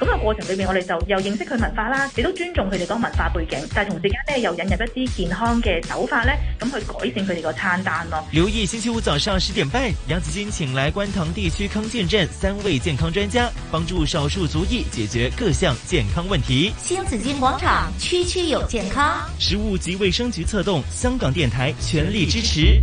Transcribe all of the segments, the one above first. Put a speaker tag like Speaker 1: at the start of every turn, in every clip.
Speaker 1: 咁嘅過程裏面，我哋就又認識佢文化啦，亦都尊重佢哋嗰文化背景，但係同時間呢，又引入一啲健康嘅手法咧，咁、嗯、去改善佢哋個餐單咯。
Speaker 2: 留意星期五早上十點半，楊子金請來觀塘地區康健站三位健康專家，幫助少數族裔解決各項健康問題。
Speaker 3: 新紫荊廣場，區區有健康。
Speaker 2: 食物及衛生局策動，香港電台全力支持。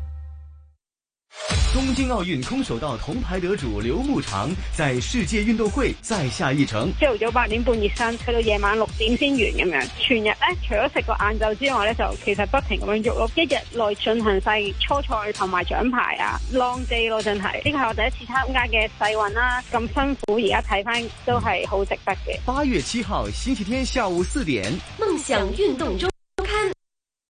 Speaker 2: 東京奧運空手
Speaker 3: 道銅牌得
Speaker 4: 主劉慕裳在世界運動會再下一程。
Speaker 1: 朝早八點半熱身，去到夜晚六點先完咁樣。全日咧，除咗食個晏晝之外咧，就其實不停咁樣喐咯。一日內進行晒初賽同埋獎牌啊，long day 咯，真係。呢個係我第一次參加嘅世運啦，咁辛苦，而家睇翻都係好值得嘅。
Speaker 4: 八月七號星期天下午四點，
Speaker 1: 夢想運動中。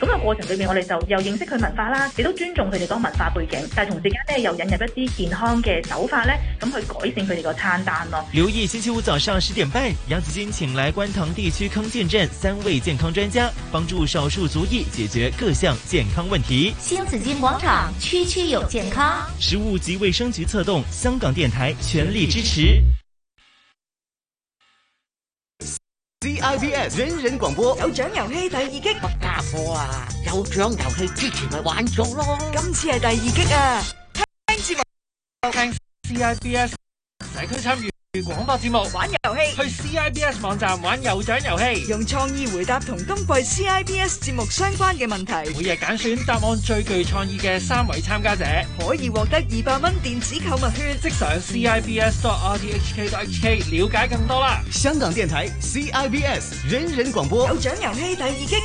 Speaker 1: 咁個過程裏面，我哋就又認識佢文化啦，亦都尊重佢哋嗰文化背景，但同時間呢，又引入一啲健康嘅手法咧，咁、嗯、去改善佢哋個餐單咯。
Speaker 2: 留意星期五早上十點半，新紫荊請來觀塘地區康健站三位健康專家，幫助少數族裔解決各項健康問題。
Speaker 5: 新紫荊廣場區區有健康，
Speaker 2: 食物及衛生局策動，香港電台全力支持。C I B S 人人廣播有獎遊戲第二擊，家婆啊！有獎
Speaker 6: 遊戲之前咪玩咗咯，今次係第二擊啊！聽節目，聽 C I B S，社區參與。廣播節目玩遊戲，去 CIBS 網站玩有獎遊戲，用創意回答同今季 CIBS 節目相關嘅問題。每日揀選答案最具創意嘅三位參加者，可以獲得二百蚊電子購物券。即上 CIBS dot RTHK dot HK 了解更多啦。香港電台
Speaker 4: CIBS 人人廣播有獎遊戲第二集。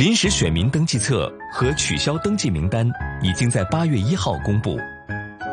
Speaker 7: 臨時選民登記冊和取消登記名單已經在八月一號公布。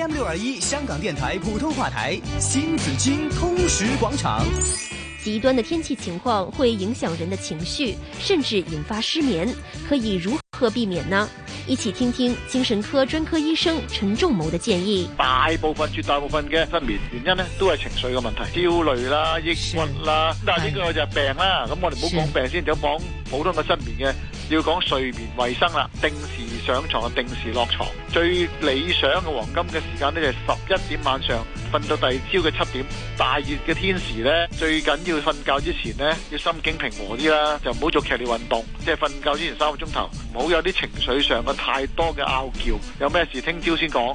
Speaker 4: m 六二一，香港電台普通話台新紫荊通識廣
Speaker 5: 場。極端的天氣情況會影響人的情緒，甚至引發失眠，可以如何避免呢？一起聽聽精神科專科醫生陳仲謀的建議。
Speaker 6: 大部分絕大部分嘅失眠原因呢都係情緒嘅問題，焦慮啦、抑鬱啦。是咁但係呢個就係病啦。咁唉我哋唔好講病先，是就講普通嘅失眠嘅。要講睡眠衛生啦，定時上床，定時落床。最理想嘅黃金嘅時間呢，就係十一點晚上，瞓到第二朝嘅七點。大熱嘅天時呢，最緊要瞓覺之前呢，要心境平和啲啦，就唔好做劇烈運動。即係瞓覺之前三個鐘頭，唔好有啲情緒上嘅太多嘅拗撬。有咩事聽朝先講。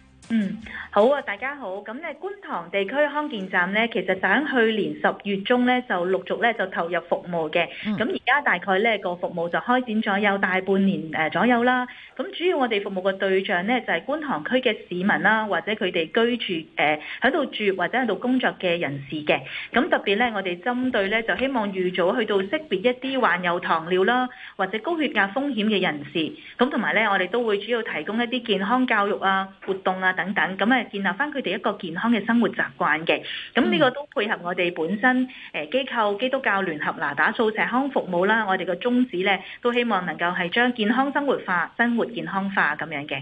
Speaker 1: 嗯，好啊，大家好。咁呢觀塘地區康健站呢，其實就喺去年十月中呢，就陸續咧就投入服務嘅。咁而家大概呢個服務就開展咗有大半年誒左右啦。咁主要我哋服務嘅對象呢，就係觀塘區嘅市民啦，或者佢哋居住誒喺度住或者喺度工作嘅人士嘅。咁特別呢，我哋針對呢，就希望預早去到識別一啲患有糖尿啦或者高血壓風險嘅人士。咁同埋呢，我哋都會主要提供一啲健康教育啊活動啊。等等，咁啊，建立翻佢哋一個健康嘅生活習慣嘅，咁呢個都配合我哋本身誒機構基督教聯合那打素社康服務啦，我哋個宗旨咧都希望能夠係將健康生活化，生活健康化咁樣嘅。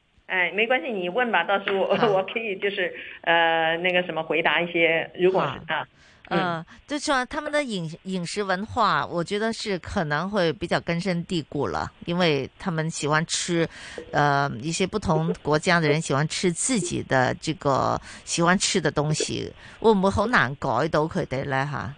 Speaker 8: 誒、哎，沒關係，你問吧，到時候我、啊、 我可以就是，呃那個什麼回答一些，如果是啊，啊嗯，
Speaker 3: 呃、就說他們的飲飲食文化，我覺得是可能會比較根深蒂固了，因為他們喜歡吃，呃一些不同國家的人喜歡吃自己的這個喜歡吃的東西，會唔會好難改到佢哋咧？吓，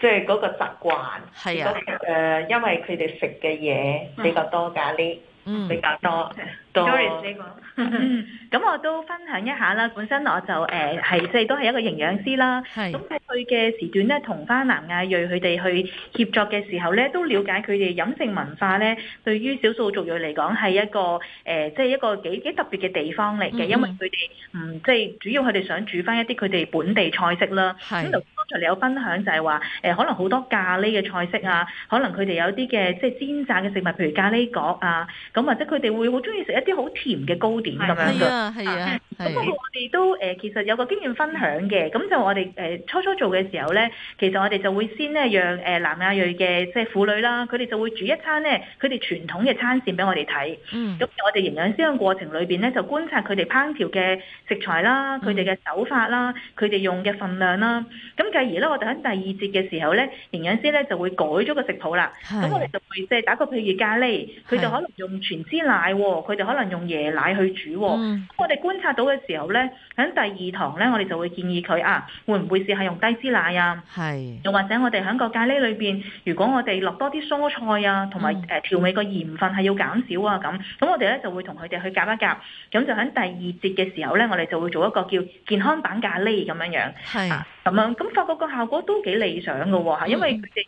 Speaker 8: 即係嗰個習慣係啊，誒、哎呀，因為佢哋食嘅嘢比較多咖喱。嗯嗯，比較多。多 o 呢個，咁、嗯
Speaker 1: 嗯、我都分享一下啦。本身我就誒係即係都係一個營養師啦。係是。咁佢嘅時段咧，同翻南亞裔佢哋去協作嘅時候咧，都了解佢哋飲食文化咧。對於少數族裔嚟講，係一個誒，即、呃、係、就是、一個幾幾特別嘅地方嚟嘅。嗯、因為佢哋嗯，即、就、係、是、主要佢哋想煮翻一啲佢哋本地菜式啦。係是。有分享就係話誒，可能好多咖喱嘅菜式啊，可能佢哋有啲嘅即係煎炸嘅食物，譬如咖喱角啊，咁或者佢哋會好中意食一啲好甜嘅糕點咁嗎樣嘅。係啊，咁不過我哋都誒、呃，其實有個經驗分享嘅，咁就我哋誒、呃、初初做嘅時候咧，其實我哋就會先咧讓誒南亞裔嘅即係婦女啦，佢哋就會煮一餐呢，佢哋傳統嘅餐膳俾我哋睇。咁、嗯、我哋營養師嘅過程裏邊咧，就觀察佢哋烹調嘅食材啦，佢哋嘅手法啦，佢哋、嗯、用嘅份量啦，咁而咧，我哋喺第二節嘅時候咧，營養師咧就會改咗個食譜啦。咁是我哋就會即係打個譬如咖喱，佢就可能用全脂奶、哦，佢就可能用椰奶去煮、哦。咁、嗯、我哋觀察到嘅時候咧，喺第二堂咧，我哋就會建議佢啊，會唔會試下用低脂奶啊？係是。又或者我哋喺個咖喱裏邊，如果我哋落多啲蔬菜啊，同埋誒調味個鹽分係要減少啊咁。咁、嗯、我哋咧就會同佢哋去夾一夾。咁就喺第二節嘅時候咧，我哋就會做一個叫健康版咖喱咁樣樣。係是。啊咁樣咁發覺個效果都幾理想嘅喎、哦、因為佢哋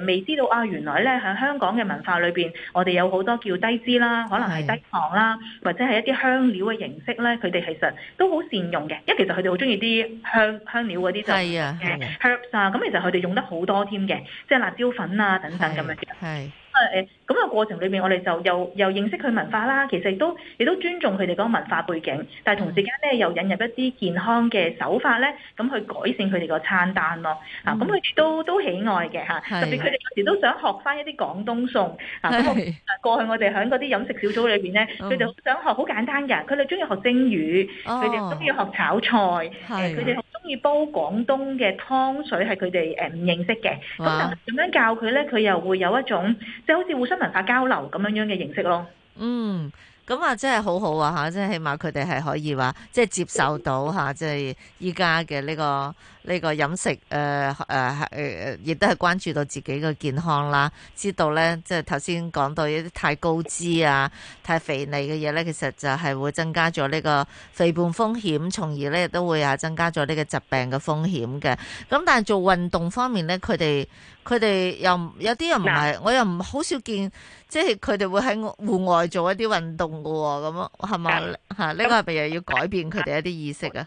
Speaker 1: 誒未知道啊，原來咧喺香港嘅文化裏邊，我哋有好多叫低脂啦，可能係低糖啦，是的 或者係一啲香料嘅形式咧，佢哋其實都好善用嘅，因為其實佢哋好中意啲香香料嗰啲就係啊 herbs 啊，咁、嗯、其實佢哋用得好多添嘅，即係辣椒粉啊等等咁樣。誒咁、嗯咁個過程裏邊，我哋就又又認識佢文化啦。其實亦都亦都尊重佢哋嗰個文化背景，但係同時間咧又引入一啲健康嘅手法咧，咁去改善佢哋個餐單咯。嗯、啊，咁佢哋都都喜愛嘅嚇，是特別佢哋當時都想學翻一啲廣東餸。是啊，過去我哋喺嗰啲飲食小組裏邊咧，佢哋好想學，好簡單嘅。佢哋中意學蒸魚，佢哋中意學炒菜。佢哋好中意煲廣東嘅湯水，係佢哋誒唔認識嘅。咁點哇樣教佢咧？佢又會有一種。即係好似互相文化交流咁樣樣嘅形式咯。嗯，
Speaker 3: 咁啊，真係好好啊吓，即係起碼佢哋係可以話，即係接受到吓，即係依家嘅呢個。呢個飲食誒誒誒，亦、呃呃、都係關注到自己嘅健康啦。知道咧，即係頭先講到一啲太高脂啊、太肥膩嘅嘢咧，其實就係會增加咗呢個肥胖風險，從而咧都會啊增加咗呢個疾病嘅風險嘅。咁但係做運動方面咧，佢哋佢哋又有啲人唔係，那我又唔好少見，即係佢哋會喺戶外做一啲運動㗎喎、哦。咁啊，係嘛嚇？呢個係咪又要改變佢哋一啲意識
Speaker 8: 啊？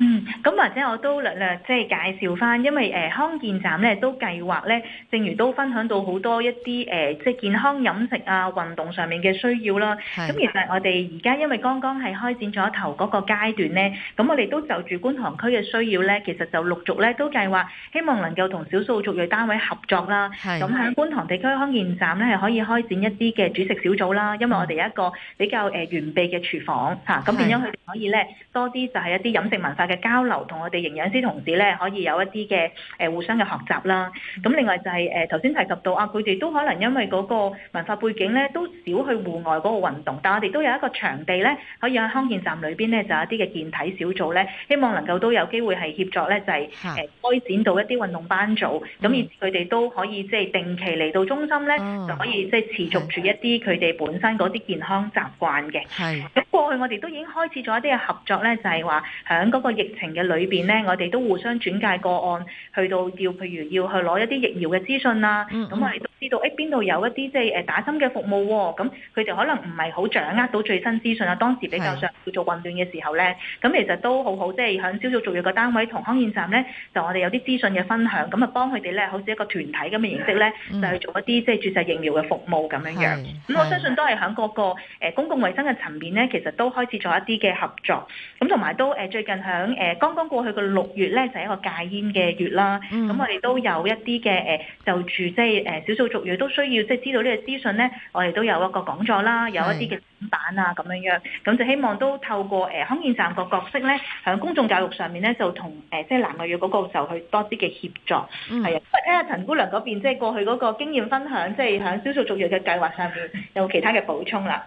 Speaker 1: 嗯，咁或者我都略略即係介紹翻，因為康健站咧都計劃咧，正如都分享到好多一啲，呃、即係健康飲食啊、運動上面嘅需要啦。咁的其實我哋而家因為剛剛係開展咗頭嗰個階段咧，咁的我哋都就住觀塘區嘅需要咧，其實就陸續咧都計劃，希望能夠同少數族裔單位合作啦。咁喺的觀塘地區康健站咧係可以開展一啲嘅煮食小組啦，因為我哋有一個比較誒完備嘅廚房咁的，啊、變咗佢哋可以咧多啲就係一啲飲食文化。嘅交流同我哋營養師同事咧，可以有一啲嘅誒互相嘅學習啦。咁另外就係誒頭先提及到啊，佢哋都可能因為嗰個文化背景咧，都少去戶外嗰個運動。但我哋都有一個場地咧，可以喺康健站裏邊咧，就有一啲嘅健體小組咧，希望能夠都有機會係協作咧，就係誒開展到一啲運動班組，咁的而佢哋都可以即係定期嚟到中心咧，就可以即係持續住一啲佢哋本身嗰啲健康習慣嘅。係咁的過去我哋都已經開始咗一啲嘅合作咧，就係話響嗰個。疫情嘅裏面呢，我哋都互相轉介個案，去到要譬如要去攞一啲疫苗嘅資訊啦。咁、嗯嗯、我哋都知道，誒邊度有一啲即係打針嘅服務喎、哦。咁佢哋可能唔係好掌握到最新資訊啊。當時比較上要做混亂嘅時候呢，咁是其實都好好，即係響少少重要個單位同康健站呢，就我哋有啲資訊嘅分享，咁啊幫佢哋呢，好似一個團體咁嘅形式呢，嗯、就去做一啲即係注射疫苗嘅服務咁樣樣。咁我相信都係響各個、呃、公共衛生嘅層面呢，其實都開始做一啲嘅合作。咁同埋都、呃、最近響。誒，剛剛過去嘅六月咧，就係一個戒煙嘅月啦。咁、嗯、我哋都有一啲嘅誒，就住即係誒少數族裔都需要即係知道呢個資訊咧，我哋都有一個講座啦，有一啲嘅展板啊咁樣樣。咁就希望都透過誒康健站個角色咧，喺公眾教育上面咧，就同誒即係男女嘅嗰個就去多啲嘅協助。係啊、嗯，咁睇下陳姑娘嗰邊即係過去
Speaker 8: 嗰個經驗分享，即係喺少數族裔嘅計劃上面有其他嘅補充啦。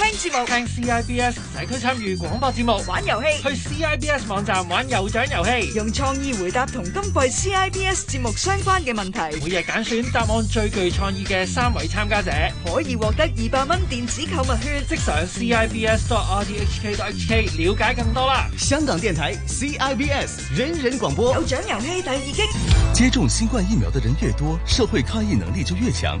Speaker 6: 聽節目，聽 C I B S 社區參與廣播節目，玩遊戲，去 C I B S 網站玩有獎遊戲，用創意回答同今季 C I B S 節目相關嘅問題，每日揀選答案最具創意嘅三位參加者，可以獲得二百蚊電子購物券，即上 C I B S dot r t h k dot h k
Speaker 4: 了解更多啦。香港電台 C I B S 人人廣播，有獎遊戲第二擊。接種新冠疫苗的人越多，社會抗疫能力就越強。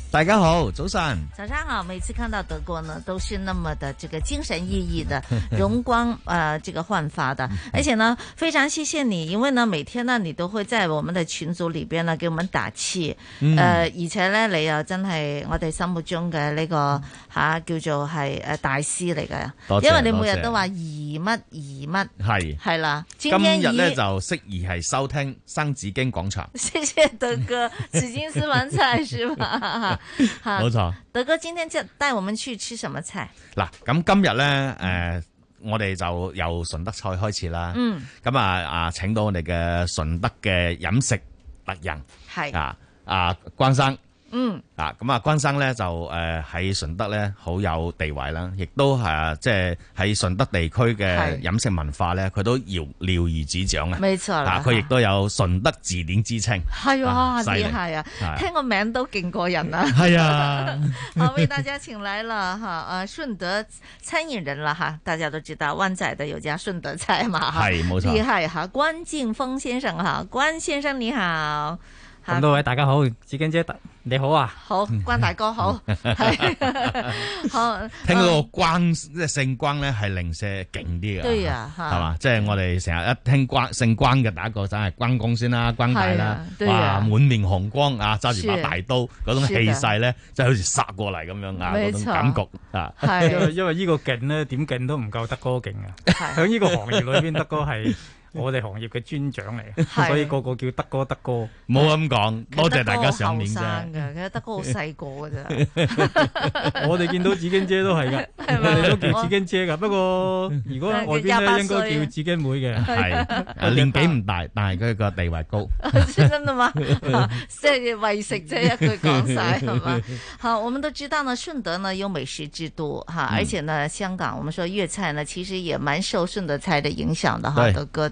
Speaker 6: 大家好，早晨。
Speaker 3: 早上好，每次看到德哥呢，都是那麼的這個精神奕奕的，容光 呃這個煥發的，而且呢，非常謝謝你，因為呢，每天呢，你都會在我們的群組裏邊呢，給我們打氣。誒、嗯呃，而且呢，你又真係我哋心目中嘅呢、這個吓、嗯啊、叫做係誒大師嚟嘅，多
Speaker 6: 謝因為你每日都話
Speaker 3: 疑乜疑乜，係系是啦。今，天今日呢，就
Speaker 6: 適宜係收聽生紫荊廣場。
Speaker 3: 謝謝德哥，紫荊私房菜是嘛？ 冇 好錯，德哥，今天就帶我們去吃什麼菜？
Speaker 6: 嗱，咁今日咧，誒，我哋就由順德菜開始啦。嗯，咁啊啊，請到我哋嘅順德嘅飲食達人，係是啊啊關生。嗯嗯，啊，咁啊，關生咧就誒喺順德咧好有地位啦，亦都係、啊、即係喺順德地區嘅飲食文化咧，佢是都瞭如指掌啊。冇錯啦，佢亦、啊、都有順德字典之稱。係哇，厲害啊，啊聽個
Speaker 3: 名都勁過人啦。係啊，啊
Speaker 5: 好為
Speaker 3: 大家請來啦哈，啊， 順德餐飲人啦哈，大家都知道灣仔的有家順德菜嘛。係冇錯、啊，厲害哈、啊，關勁峰先生哈，關先生你好。咁多
Speaker 9: 位大家好，紫荊姐
Speaker 6: 你好啊，
Speaker 3: 好關大哥好，好聽落
Speaker 6: 關，即係姓關咧係零舍勁啲嘅。對啊，係嘛？即係我哋成日一聽關，姓關嘅第一個就係關公先啦，關大啦，哇，滿面紅光啊，揸住把大刀，嗰種氣勢咧，即係好似殺過嚟咁樣啊，嗰種感覺啊，因為
Speaker 9: 因為呢個勁咧點勁都唔夠德哥勁啊，響呢個行業裏邊德哥係。我哋行業嘅專長嚟，所以個個叫德哥，德哥，唔好咁講。多謝大家賞面。其實德哥好細個嘅啫。我哋見到紫荊姐都係噶，我哋都叫紫荊姐噶。不過如果外邊咧，應該叫
Speaker 6: 紫荊妹嘅。係年紀唔大，但係佢個地位高。
Speaker 3: 真的嘛？即係為食啫，一句講晒，係嘛？吓，我們都知道呢，順德呢有美食之都，哈，而且呢，香港我們說粵菜呢，其實也蠻受順德菜嘅影響的，哈，德哥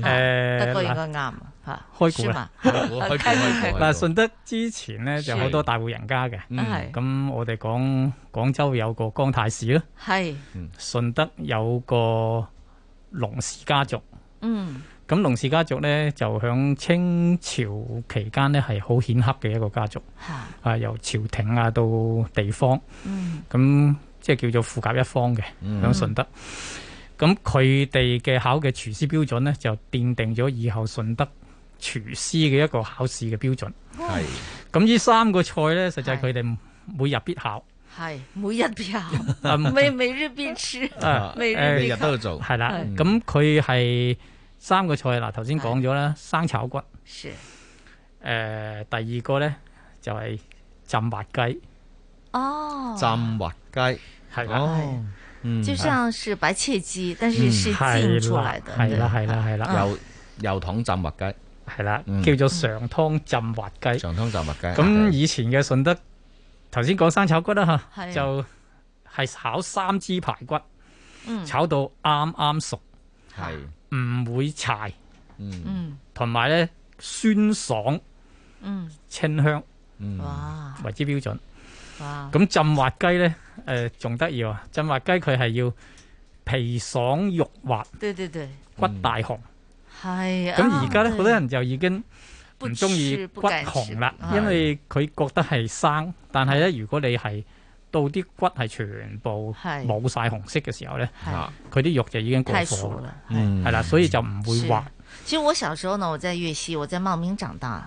Speaker 6: 誒，得個、啊、應
Speaker 3: 該啱，吓、啊、開古啦， 開古開古。嗱，
Speaker 9: 順德之前咧就好多大戶人家嘅，咁的、嗯、我哋講廣州有個江太史啦，係的，順德有個龍氏家族，嗯，咁龍氏家族咧就響清朝期間咧係好顯赫嘅一個家族，係的，啊由朝廷啊到地方，嗯，咁、嗯、即係叫做富甲一方嘅響順德。咁佢哋嘅考嘅廚師標準咧，就奠定咗以後順德廚師嘅一個考試嘅標準。
Speaker 10: 係
Speaker 9: 咁，呢三個菜咧，實際佢哋每日必考。
Speaker 3: 係每、嗯每啊、每日必考，每每日必試，每日每日都要做。係啦、嗯，咁
Speaker 9: 佢係三個菜，嗱頭先講咗啦，生炒骨。誒、呃，第二個咧就係、是、浸滑雞。
Speaker 3: 哦。浸
Speaker 6: 滑雞係啦。就像
Speaker 3: 是白切雞，但是是浸出來的，係啦，係啦，係啦，油
Speaker 6: 油桶浸滑雞，係啦，叫做上
Speaker 9: 湯浸滑雞。上湯浸滑雞。咁以前嘅順德，頭先講生炒骨啦吓，就係炒三支排骨，
Speaker 10: 炒
Speaker 9: 到啱啱熟，係唔會柴，嗯，同埋呢酸爽，清香，哇，為之標準，咁浸滑雞呢？誒，仲得意啊！蒸滑雞佢係要皮爽肉滑，
Speaker 3: 對對對，
Speaker 9: 骨大紅，係、嗯。咁而家咧，好對多人就已經唔中意骨紅啦，不不因為佢覺得係生。是的但係咧，如果你係到啲骨係全部冇晒紅色嘅時候咧，啊的，佢啲肉就已經過火啦，係啦、嗯，所以就唔會滑。其
Speaker 3: 實我小時候呢，我在粵西，我在茂名長大。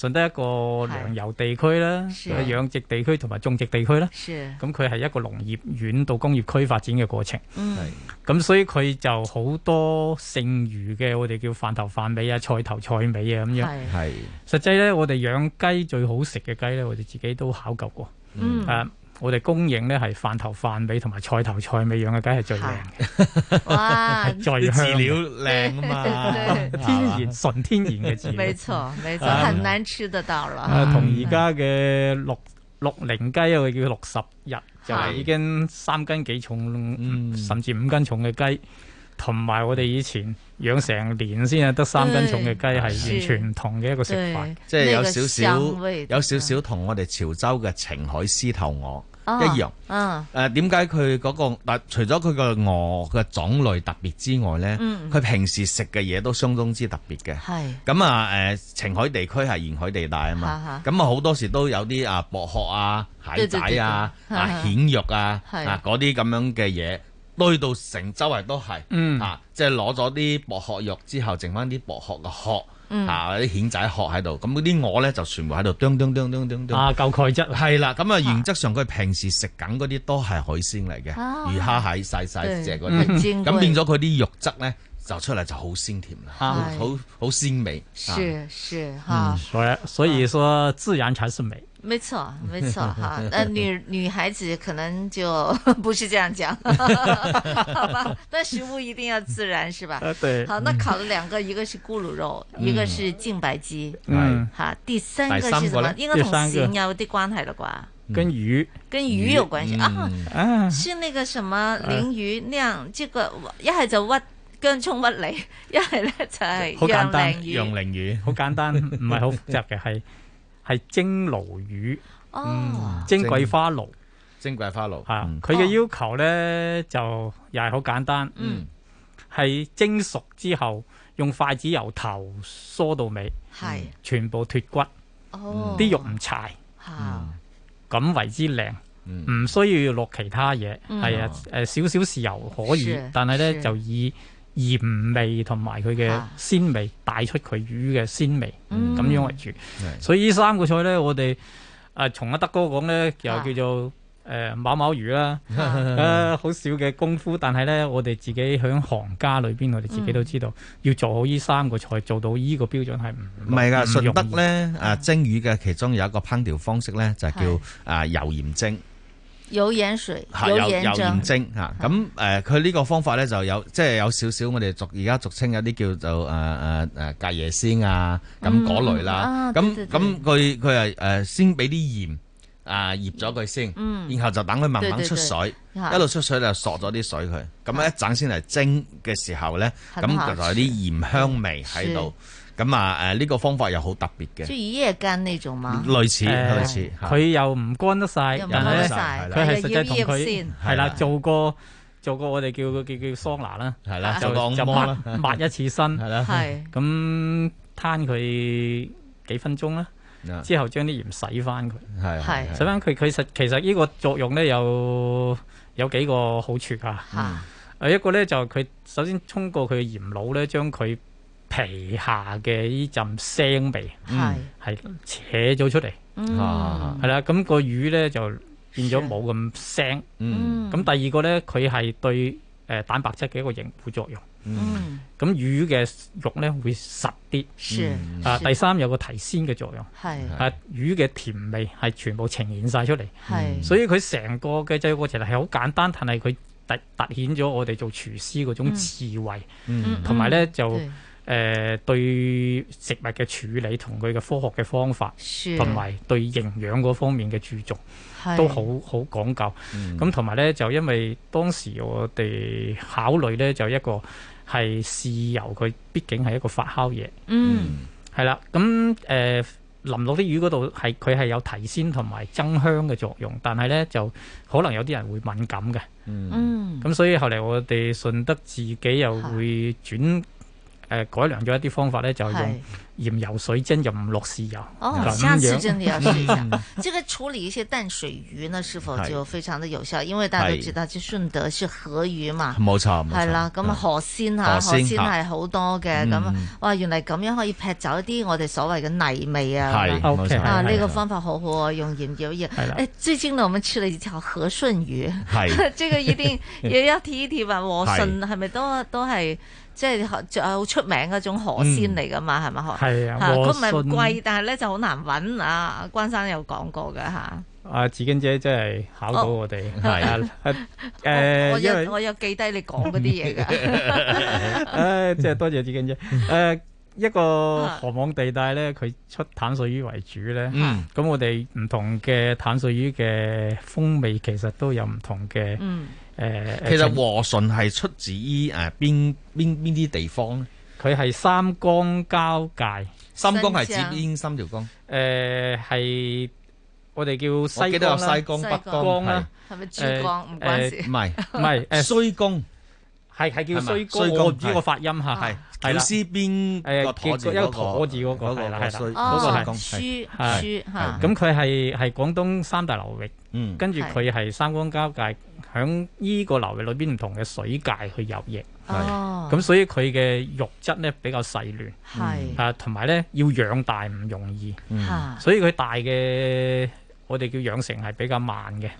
Speaker 9: 順德一個糧油地區啦，是養殖地區同埋種植地區啦。咁佢係一個農業縣到工業區發展嘅過程。
Speaker 10: 係
Speaker 9: 咁是，所以佢就好多剩餘嘅我哋叫飯頭飯尾啊、菜頭菜尾啊咁樣。係是實際咧，我哋養雞最好食嘅雞咧，我哋自己都考究過。是嗯。啊我哋供應咧係飯頭飯尾同埋菜頭菜尾養嘅，雞係最靚
Speaker 3: 嘅。哇！最香
Speaker 9: 料靚啊嘛， 對天然對吧純天然嘅自然。冇
Speaker 3: 錯冇錯， 錯很難吃得到啦。同而
Speaker 9: 家嘅六六零雞，我叫六十日就係已經三斤幾重，的甚至五斤重嘅雞。同
Speaker 6: 埋我哋以前養成年先係得三斤重嘅雞，係完全唔同嘅一個食法，即係有少少有少少同我哋潮州嘅澄海獅頭鵝一樣。誒，點解佢嗰個？除咗佢個鵝嘅種類特別之外咧，佢平時食嘅嘢都相當之特別嘅。係咁啊！誒，澄海地區係沿海地帶啊嘛，咁啊好多時都有啲啊薄殼啊、蟹仔啊、啊蜆肉啊、啊嗰啲咁樣嘅嘢。堆到成周圍都係，嚇，即係攞咗啲薄殼肉之後，剩翻啲薄殼嘅殼，嚇，啲蜆仔殼喺度。咁嗰啲鵝咧就全部喺度，啊，夠鈣質，係啦。咁啊，原則上佢平時食緊嗰啲都係海鮮嚟嘅，魚蝦蟹細細隻啲。咁變咗佢啲肉質咧，就出嚟就好鮮甜啦，好好鮮美。是是嚇，所以所以說，自然才是美。
Speaker 3: 沒錯，沒錯哈。那女女孩子可能就不是這樣講，好吧？但食物一定要自然是吧？對。好，那烤了兩個，一個是咕嚕肉，一個是淨白雞，嗯，哈。第三個是什麼？應該同鹹有啲關係了啩。
Speaker 9: 跟魚。跟魚有關係啊？是
Speaker 3: 那個什麼鯪魚那樣？這個一係就屈，跟蔥物嚟；一係呢就係養鯪魚。用
Speaker 9: 鯪魚好簡單，唔係好複雜嘅係。係蒸鱸魚，蒸桂花鱸，蒸桂花鱸。係佢嘅要求咧，就又係好簡單，係蒸熟之後，用筷子由頭梳到尾，係全部脱骨，
Speaker 10: 啲肉
Speaker 9: 唔柴，咁為之靚，唔需要落其他嘢，係啊，誒少少豉油可以，但係咧就以。鹽味同埋佢嘅鮮味帶出佢魚嘅鮮味，咁樣為主。的所以呢三個菜咧，我哋啊從阿德哥講咧，又叫做誒、啊呃、某某魚啦，誒好、啊啊、少嘅功夫，但係咧我哋自己響行家裏邊，我哋自己都知道、嗯、要做好呢三個菜，做到依個標準係唔唔係㗎順德咧。
Speaker 6: 誒、啊、蒸魚嘅其中有一個烹調方式咧，就、嗯、叫啊油鹽蒸。
Speaker 3: 油鹽水，有鹽油油鹽
Speaker 6: 蒸的、嗯、啊！咁誒，佢呢個方法咧就有，即係有少少我哋俗而家俗稱有啲叫做誒誒誒隔夜鮮啊，咁嗰類啦。咁咁佢佢係誒先俾啲鹽啊，醃咗佢先，嗯、然後就等佢慢慢出水，對對對一路出水就索咗啲水佢。咁一陣先嚟蒸嘅時候咧，咁的、嗯、就有啲鹽香味喺度。咁啊，誒呢個方法又好特別嘅，即
Speaker 3: 係夜間呢種嘛？類似
Speaker 6: 類似，佢又唔乾得晒，浸得曬。佢
Speaker 3: 係實際同佢先係啦，
Speaker 9: 做過做過，我哋叫叫叫桑拿啦，就就抹抹一次身，係啦，係咁攤佢幾分鐘啦，之後將啲鹽洗翻佢，係洗翻佢。佢實其實呢個作用咧有有幾個好處㗎，誒一個咧就佢首先通過佢嘅鹽腦咧將佢。皮下嘅呢陣腥味係係扯咗出嚟，係啦，咁個魚咧就變咗冇咁腥。咁第二個咧，佢係對誒蛋白質嘅一個凝固作用。咁魚嘅肉咧會實啲。啊，第三有個提鮮嘅作用。啊，魚嘅甜味係全部呈現晒出嚟。所以佢成個嘅製作過程係好簡單，但係佢突凸顯咗我哋做廚師嗰種智慧，同埋咧就。誒、呃，對食物嘅處理同佢嘅科學嘅方法，同埋是對營養嗰方面嘅注重，
Speaker 8: 是都好
Speaker 9: 好講究。咁同埋呢，就因為當時我哋考慮呢，就一個係豉油，佢畢竟係一個發酵嘢。嗯，係啦。咁誒、呃、淋落啲魚嗰度，係佢係有提鮮同埋增香嘅作用。但係呢，就可能有啲人會敏感嘅。嗯，咁、嗯、所以後嚟我哋順德自己又會轉。誒改良咗一啲方法咧，就用鹽油水蒸又唔落豉油。哦，下次真係要試下。嗯，
Speaker 3: 呢個處理一些淡水魚呢，是否就非常之有效？因為大家都知道，去順德是河魚嘛。冇錯，冇錯，係啦，咁河鮮呀，河鮮係好多嘅。咁啊，哇，原來咁樣可以劈走一啲我哋所謂嘅泥味啊。係，啊，呢個方法好好啊，用鹽油嘢。係啦。誒，最近呢，我們處理一條河順魚。係。這個已經有一條條話和順係咪都都係？即係好出名嗰種河鮮嚟噶嘛，係嘛、嗯？係啊吧，佢唔係貴，但係咧就好難揾啊！關生有講過嘅嚇。是
Speaker 9: 啊！紫荊姐真係考到我哋，係、哦、是啊，誒，因為我有記低你講嗰啲嘢㗎。誒、 哎，即係多謝紫荊姐。誒、啊，一個河網地帶咧，佢出淡水魚為主咧。嗯。咁我哋唔同嘅淡水魚嘅風味，其
Speaker 6: 實都有唔同嘅。嗯。誒，其實和順係出自於誒邊邊邊啲地方咧？佢係三江交界，三江係指邊
Speaker 11: 三
Speaker 9: 條江？誒江，係、呃、我哋叫西江記得有西江、西江北江啦，係咪珠
Speaker 10: 江？唔關事，唔係唔係誒， 呃、
Speaker 6: 綏江。係係叫衰哥，依個發音吓，係小絲邊誒，一個駝字嗰個，係啦係啦，衰哥，
Speaker 8: 書書咁
Speaker 9: 佢係係廣東三大流域，跟住佢係三江交界，響依個流域裏邊唔同嘅水界去游曳，咁所以佢嘅肉質咧比較細嫩，係，啊，同埋咧要養大唔容易，所以佢大嘅我哋叫養成係比較慢嘅，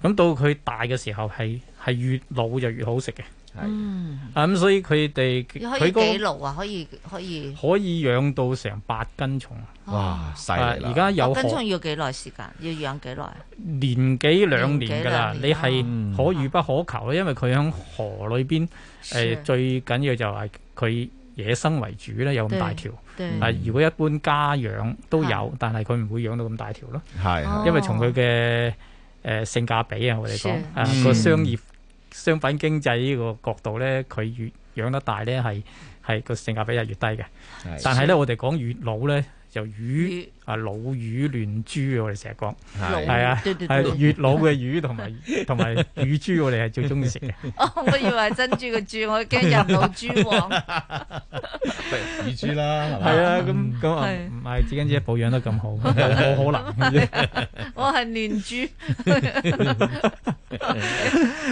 Speaker 9: 咁到佢大嘅時候係係越老就越好食嘅。嗯，啊咁所以佢哋，佢嗰個紀錄啊，
Speaker 3: 可以可以
Speaker 9: 可以養到成八斤重，哇！犀利啦！八斤重
Speaker 3: 要幾耐時間？要養幾耐？
Speaker 9: 年幾兩年噶啦？你係可遇不可求啦，因為佢喺河裏邊誒，最緊要就係佢野生為主咧，有咁大條。但係如果一般家養都有，但係佢唔會養到咁大條咯。係，因為從佢嘅誒性價比啊，我哋講啊個商業。商品經濟呢個角度咧，佢越養得大咧，係係個性價比係越低嘅。但係咧，我哋講越老咧，就魚。啊老魚嫩豬，我哋成日講，係啊係越老嘅魚同埋同埋乳豬，我哋係最中意食嘅。我以
Speaker 3: 為珍珠嘅豬，我驚人老豬黃。
Speaker 6: 乳豬啦，係啊咁咁啊，
Speaker 9: 唔係至緊姐保養得咁好，冇可能。
Speaker 6: 我係嫩豬。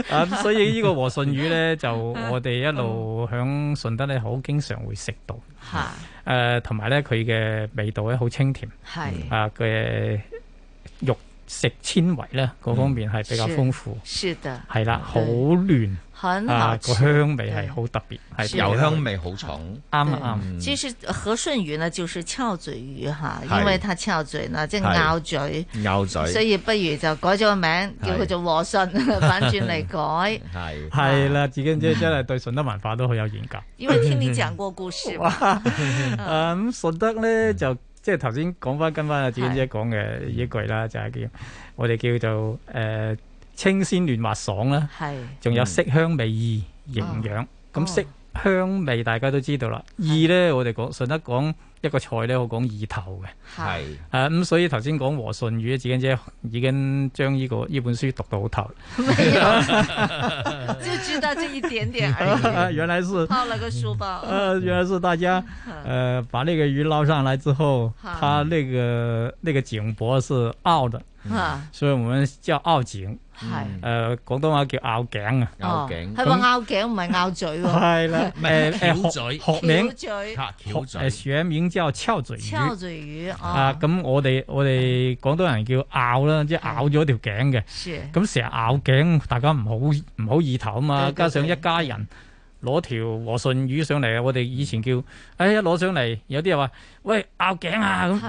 Speaker 9: 咁所以呢個和順魚咧，就我哋一路響順德咧，好經常會食到。嚇！誒，同埋咧佢嘅味道咧，好清甜。係啊嘅肉食纖維咧，嗰方面係比較豐富。是的，係啦，好嫩，啊，個香味係好特別，
Speaker 6: 係油香味好重。啱啊啱。
Speaker 3: 其實和順魚呢，就是翹嘴魚哈，因為它翹嘴呢，即係咬嘴，
Speaker 6: 咬嘴，所以
Speaker 3: 不如就改咗個名，叫佢做和順，反轉嚟改。
Speaker 9: 係係啦，紫荊姐真真係對順德文化都好有研究。因為聽你講過故事。啊咁，順德咧就。即係頭先講翻跟翻阿子小姐講嘅一句啦，是就係叫我哋叫做誒、呃、清鮮嫩滑爽啦，係是，仲有色香味意營養。咁、嗯、色香味大家都知道啦，意咧、哦、我哋講順德講。一個菜咧，我講意頭嘅。係。咁，所以頭先講和順魚，紫欣姐已經將呢個呢本書讀到好頭。
Speaker 3: 就知道這一點點、啊、
Speaker 9: 原來是。拋了
Speaker 3: 個書包。原
Speaker 9: 來是大家、 呃、把那個魚撈上來之後， 它那個那個頸脖是拗的。所以我們叫拗頸，係誒廣東話叫拗頸啊，拗頸係話
Speaker 3: 拗頸唔係拗嘴，喎，係啦，
Speaker 9: 誒，翹嘴、學名、
Speaker 10: 翹嘴、學
Speaker 9: 誒，學名叫翹嘴魚，翹
Speaker 3: 嘴魚
Speaker 10: 啊！
Speaker 9: 咁我哋我哋廣東人叫拗啦，即係拗咗條頸嘅，咁成日拗頸，大家唔好唔好意頭啊嘛。加上一家人攞條和順魚上嚟啊，我哋以前叫，誒一攞上嚟，有啲人話喂，拗頸啊咁。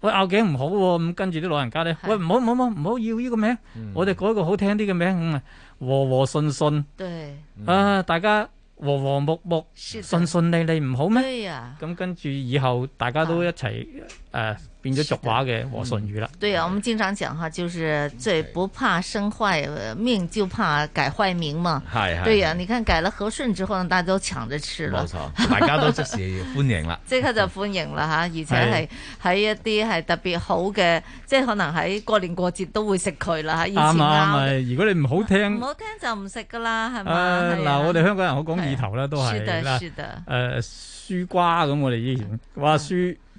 Speaker 9: 喂拗頸唔好、啊，咁跟住啲老人家咧，的喂唔好唔好唔好要呢個名，嗯、我哋改一個好聽啲嘅名，嗯啊和和順順，對啊大家和和睦睦順順的利利唔好咩？咁呀跟住以後大家都一齊誒。的變咗俗話嘅和順魚啦。
Speaker 3: 對啊，我們經常講話，就是最不怕生壞命，就怕改壞名嘛。係對啊，你看改咗和順之後，大家都搶着
Speaker 6: 吃咯。冇錯，大家都即時歡迎啦。
Speaker 3: 即刻就歡迎啦吓，而且係喺一啲係特別好嘅，即係可能喺過年過節都會食佢啦吓。啱啊，咪
Speaker 9: 如果你唔好聽，唔
Speaker 3: 好聽就唔食噶啦，係咪？嗱，我哋香
Speaker 9: 港人好講意頭啦，都係。是的，是的。誒，蔬瓜咁，我哋以前話蔬。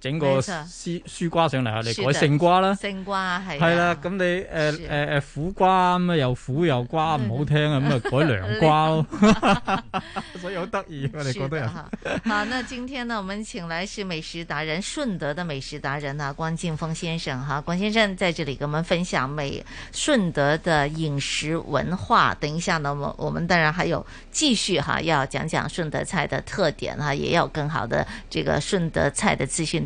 Speaker 9: 整個絲絲瓜上嚟，錯你改勝瓜啦。
Speaker 3: 勝瓜係。係啦，
Speaker 9: 咁的的你誒誒誒苦瓜咁啊，又苦又瓜，唔好聽啊，咁的 啊
Speaker 3: 改涼瓜咯。所以
Speaker 9: 好得意啊！你覺得
Speaker 3: 又。好，那今天呢，我們請來是美食達人順德的美食達人啊，關勁峰先生哈。關、啊、先生在這裏跟我們分享美順德的飲食文化。等一下呢，我我們當然還有繼續哈、啊，要講講順德菜的特點哈、啊，也有更好的這個順德菜的資訊。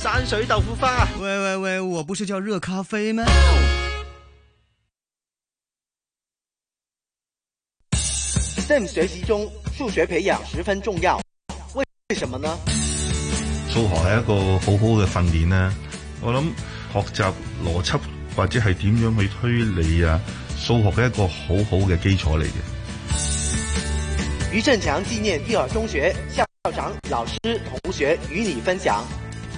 Speaker 4: 山水豆腐花啊。喂喂喂，我不是叫熱咖啡嗎？STEM 學習中，數學培養十分重要。為什麼呢？
Speaker 6: 數學係一個好好嘅訓練呢？我諗學習邏輯或者係點樣去推理啊，數學係一個好好嘅基礎嚟嘅。
Speaker 4: 余振強紀念第二中學校長、老師、同學與你分享。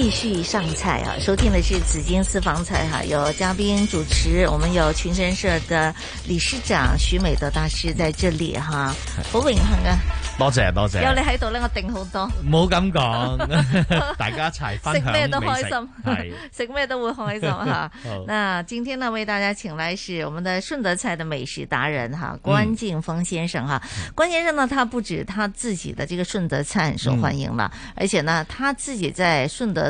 Speaker 3: 繼續上菜啊！收聽的是紫荊私房菜哈，有嘉賓主持，我們有群生社的理事長徐美德大師在這
Speaker 6: 裏。i 哈，好
Speaker 3: 榮幸啊！多謝
Speaker 6: 多謝，謝謝有你
Speaker 3: 喺度咧，我定好多。唔
Speaker 6: 好咁講， 大家一齊食咩都開心，
Speaker 3: 食咩是都會開心哈。 好那今天呢，為大家請來是我們的順德菜的美食達人哈，關勁峰先生哈。嗯、關先生呢，他不止他自己的這個順德菜受歡迎啦，嗯、而且呢，他自己在順德。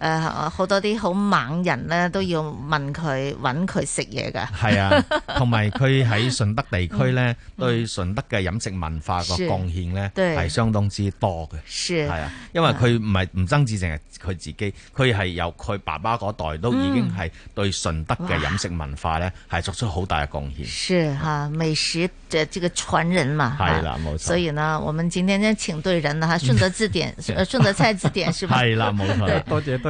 Speaker 3: 誒，好、呃、多啲好猛人咧，都要問佢揾佢食嘢㗎。係啊，
Speaker 6: 同埋佢喺順德地區呢，對順德嘅飲食文化個貢獻呢，係相當之多嘅。係係啊，因為佢唔係唔爭止，淨係佢自己，佢係由佢爸爸嗰代都已經係對順德嘅飲食文化呢，係作出好大嘅貢獻。
Speaker 3: 是哈、啊，美食嘅這個傳人嘛。係啦、啊，冇錯。所以呢，我們今天呢請對人啦，順德字典，順 德菜字典，是吧？係啦、啊，冇錯。多謝，多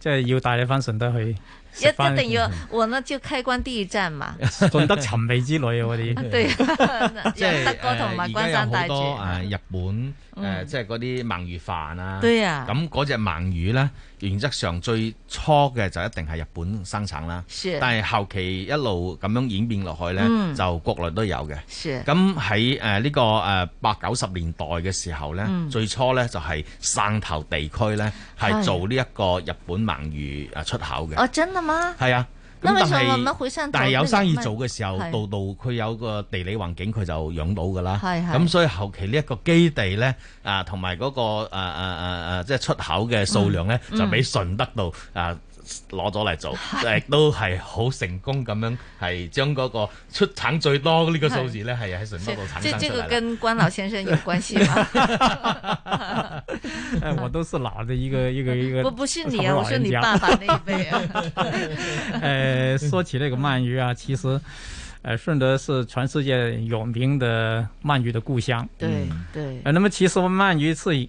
Speaker 9: 即係要帶你翻順德去，一定要
Speaker 3: 我呢就開關第一站嘛。
Speaker 6: 順德尋味之旅啊，我哋。 對， 即係德哥同埋關山大住。而、呃、誒、呃，日本。誒、嗯呃，即係嗰啲鰻魚飯啊，咁嗰隻鰻魚呢，原則上最初嘅就一定係日本生產啦。是但係後期一路咁樣演變落去呢，嗯、就國內都有嘅。是，咁喺誒呢個八九十年代嘅時候呢，嗯、最初呢就係汕頭地區呢，係做呢一個日本鰻魚出口嘅。哦是、啊，
Speaker 3: 真的嗎？
Speaker 6: 係啊。但係，但係有生意做嘅時候，度度佢有個地理環境，佢就養到噶啦。咁係係 所以後期呢一個基地咧，啊、呃，同埋嗰個啊啊啊即係出口嘅數量咧，就比順德度啊。嗯嗯攞咗嚟做，亦、就是、都係好成功咁樣，係將嗰個出產最多呢個數字咧，係喺順德產生，即係呢個跟
Speaker 3: 關老先生有關係
Speaker 6: 嘛、。 哎？我都是老的一個一個一個，我不，不
Speaker 9: 是你、啊，我說你爸爸那一輩啊。誒、 哎，說起呢個鰻魚啊，其實誒、啊，順德是全世界有名的鰻魚的故鄉。對對、嗯。那麼其實我鰻魚是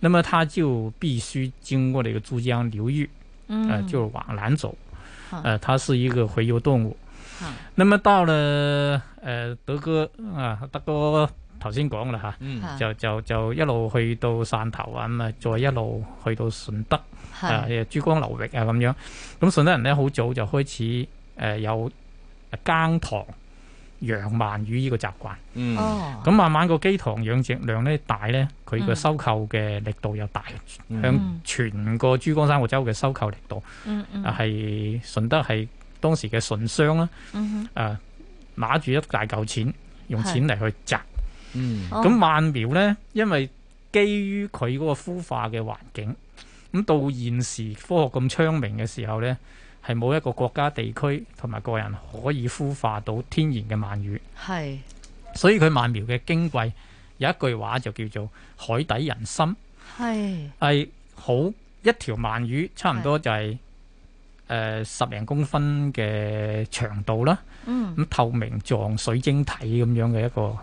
Speaker 9: 那麼他就必須經過呢個珠江流域，嗯啊、就往南走，嗯啊、他它是一個洄游動物。咁、嗯，那麼到了誒、呃、德哥啊，德哥頭先講啦吓，就就就一路去到汕頭啊，咁啊再一路去到順德啊，珠江流域啊咁樣。咁順德人咧好早就開始誒、呃、有姜塘。養鰻魚呢個習慣，咁、嗯哦、慢慢個基塘養殖量咧大咧，佢個收購嘅力度又大，嗯、向全個珠江三角洲嘅收購力度，係順德係當時嘅順商啦，誒、嗯哼，拿住、啊、一大嚿錢，用錢嚟去摘，咁鰻苗咧，因為基於佢嗰個孵化嘅環境，咁到現時科學咁昌明嘅時候咧。係冇一個國家、地區同埋個人可以孵化到天然嘅鰻魚，
Speaker 10: 係是，
Speaker 9: 所以佢鰻苗嘅矜貴有一句話就叫做海底人參」是。係係好一條鰻魚差唔多就係、是、誒是、呃、十零公分嘅長度啦，嗯，咁透明狀水晶體咁樣嘅一個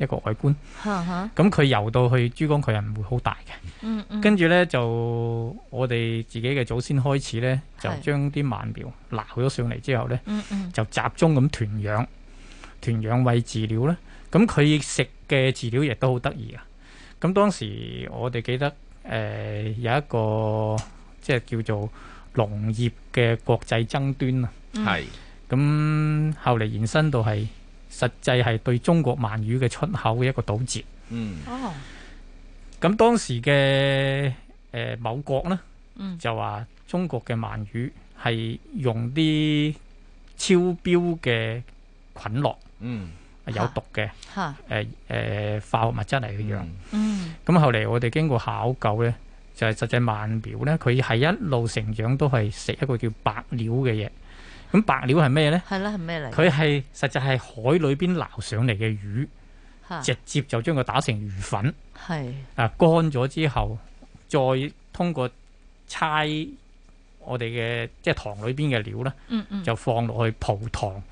Speaker 9: 一個外觀，咁佢游到去珠江佢人，佢又唔會好大嘅。嗯、跟住呢，就我哋自己嘅祖先開始呢，是就將啲鰻苗撈咗上嚟之後呢，嗯嗯、就集中咁飼養，飼養餵飼料啦。咁佢食嘅飼料亦都好得意啊！咁當時我哋記得誒、呃、有一個即係叫做農業嘅國際爭端啊，係咁、嗯、後嚟延伸到係。實際係對中國鰻魚嘅出口嘅一個堵截。嗯。哦。咁當時嘅誒某國咧，就話中國嘅鰻魚係用啲超標嘅菌落，嗯，有毒嘅，吓，誒誒化學物質嚟嘅樣。嗯。咁後嚟我哋經過考究咧，就係、是、實際鰻苗咧，佢係一路成長都係食一個叫白料嘅嘢。咁白料係咩呢？係啦，係咩嚟？佢係實際係海裏邊撈上嚟嘅魚，
Speaker 3: 哈
Speaker 9: 直接就將佢打成魚粉，係的啊乾咗之後，再通過猜我哋嘅即係糖裏邊嘅料啦，就放落去葡糖，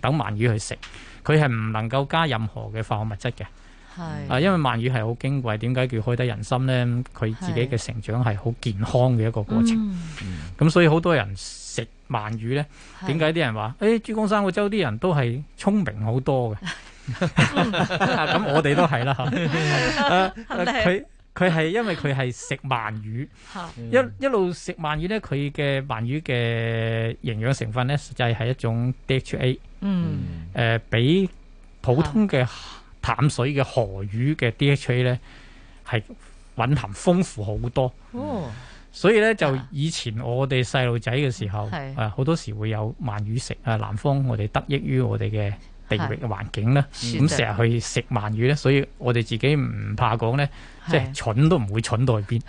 Speaker 9: 等鰻魚去食。佢係唔能夠加任何嘅化學物質嘅，係的啊，因為鰻魚係好矜貴，點解叫海底人參咧？佢自己嘅成長係好健康嘅一個過程，咁、嗯、所以好多人。鰻魚咧，點解啲人話？的誒，珠江三角洲啲人都係聰明好多嘅，咁、 啊、我哋都係啦。佢佢係因為佢係食鰻魚， 一一路食鰻魚咧，佢嘅鰻魚嘅營養成分咧，就係、是、一種 DHA，誒、嗯呃，比普通嘅淡水嘅河魚嘅 DHA 咧，係蘊含豐富好多。哦。所以咧，就以前我哋細路仔嘅時候，啊，好多時會有鰻魚食啊，南方我哋得益於我哋嘅地域環境咧，咁成日去食鰻魚咧，所以我哋自己唔怕講咧，即係蠢都唔會蠢到去邊。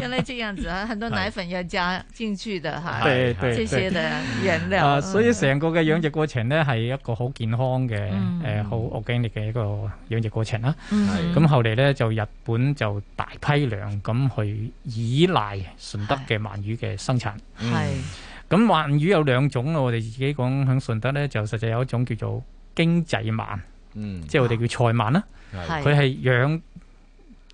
Speaker 3: 原來這樣子啊，很多奶粉要加進去的哈，這些的原料。
Speaker 9: 啊，所以成個嘅養殖過程咧，係一個好健康嘅，誒好 organic 嘅一個養殖過程啦。咁後嚟咧，就日本就大批量咁去依賴順德嘅鰻魚嘅生產。咁鰻魚有兩種啊。我哋自己講響順德咧，就實際有一種叫做經濟鰻，嗯，即係我哋叫菜鰻啦，係佢係養，誒、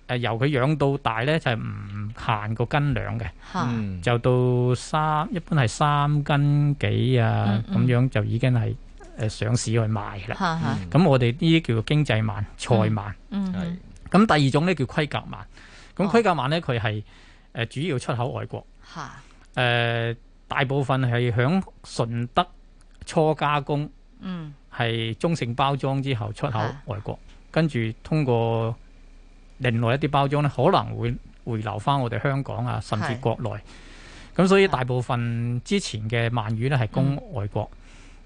Speaker 9: 呃、由佢養到大咧就係、是、唔限個斤兩嘅，嗯、就到三一般係三斤幾啊咁、嗯嗯、樣就已經係誒上市去賣啦，咁、嗯、我哋呢啲叫做經濟鰻菜鰻，咁、嗯、第二種咧叫規格鰻，咁規、嗯、格鰻咧佢係誒主要出口外國，誒、啊。呃大部分係響順德初加工，嗯，係中性包裝之後出口外國，跟住通過另外一啲包裝咧，可能會回流翻我哋香港啊，甚至國內。咁所以大部分之前嘅鰻魚咧，係供外國，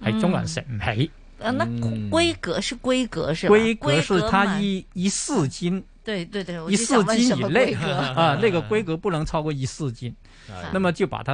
Speaker 3: 係中國人食唔起。啊，那規格是規格是吧？規格是它一
Speaker 9: 一四斤，對對對，一四斤以內啊，那個規格不能超過一四斤，那麼就把它。